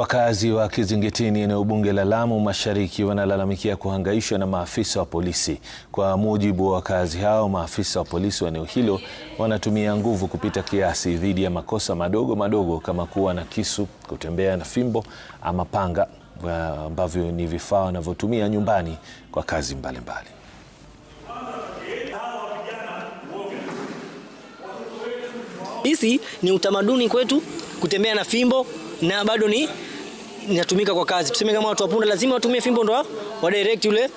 Wakazi wa kizingitini eneo bunge la Lamu Mashariki wanalalamikia kuhangaishwa na maafisa wa polisi. Kwa mujibu wa wakazi hao, maafisa wa polisi wa eneo hilo wanatumia nguvu kupita kiasi dhidi ya makosa madogo madogo kama kuwa na kisu, kutembea na fimbo ama panga ambavyo ni vifaa wanavyotumia nyumbani kwa kazi mbalimbali Hisi ni utamaduni kwetu kutembea na fimbo na bado ni inatumika kwa kazi. Tuseme kama watu wa punda lazima watumie fimbo ndo wa direct yule.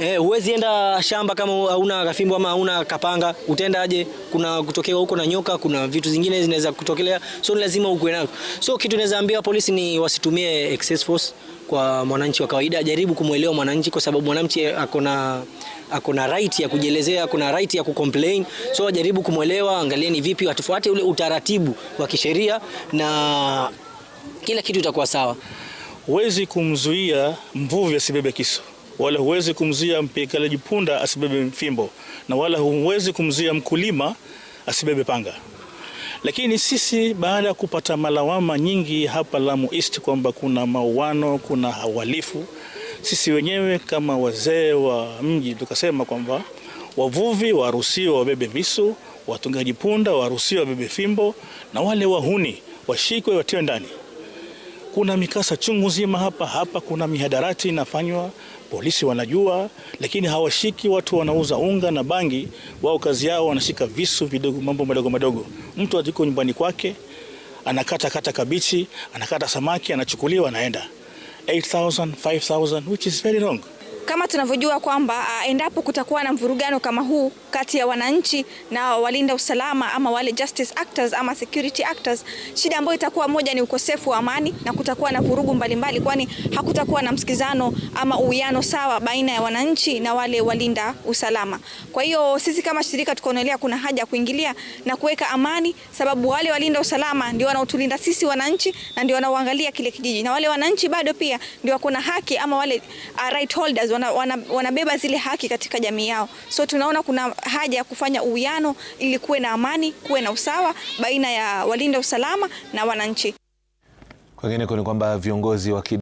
Eh, huwezi enda shamba kama hauna kafimbo ama hauna kapanga, utaendaje? Kuna kutokea huko na nyoka, kuna vitu zingine zinaweza kutokelea, so lazima ukue nako. So kitu naweza ambia polisi ni wasitumie excess force kwa mwananchi wa kawaida, jaribu kumwelewa mwananchi, kwa sababu mwananchi akona akona right ya kujielezea, akona right ya kucomplain. So ajaribu kumwelewa, angalieni vipi watufuate ule utaratibu wa kisheria na kila kitu itakuwa sawa. Huwezi kumzuia mvuvi asibebe kisu, wala huwezi kumzuia mpikalaji punda asibebe fimbo, na wala huwezi kumzuia mkulima asibebe panga. Lakini sisi baada ya kupata malawama nyingi hapa Lamu East kwamba kuna mauano, kuna uhalifu, sisi wenyewe kama wazee wa mji tukasema kwamba wavuvi waruhusiwe wabebe visu, watungaji punda waruhusiwe wabebe fimbo, na wale wahuni washikwe watiwe ndani kuna mikasa chungu nzima hapa hapa, kuna mihadarati inafanywa, polisi wanajua, lakini hawashiki watu wanauza unga na bangi. Wao kazi yao wanashika visu vidogo, mambo madogo madogo. Mtu atiko nyumbani kwake anakata kata kabichi, anakata samaki, anachukuliwa, anaenda 8000 5000 which is very wrong. Kama tunavyojua kwamba ah, endapo kutakuwa na mvurugano kama huu kati ya wananchi na walinda usalama ama wale justice actors ama security actors, shida ambayo itakuwa moja ni ukosefu wa amani na kutakuwa na vurugu mbalimbali, kwani hakutakuwa na msikizano ama uwiano sawa baina ya wananchi na wale walinda usalama. Kwa hiyo sisi kama shirika tukaonelea kuna haja ya kuingilia na kuweka amani, sababu wale walinda usalama ndio wanaotulinda sisi wananchi na ndio wanaoangalia kile kijiji, na wale wananchi bado pia ndio wako na haki ama wale ah, right holders wazazi wanabeba wana, wana zile haki katika jamii yao, so tunaona kuna haja ya kufanya uwiano ili kuwe na amani, kuwe na usawa baina ya walinda usalama na wananchi. Kwengine ni kwamba viongozi wa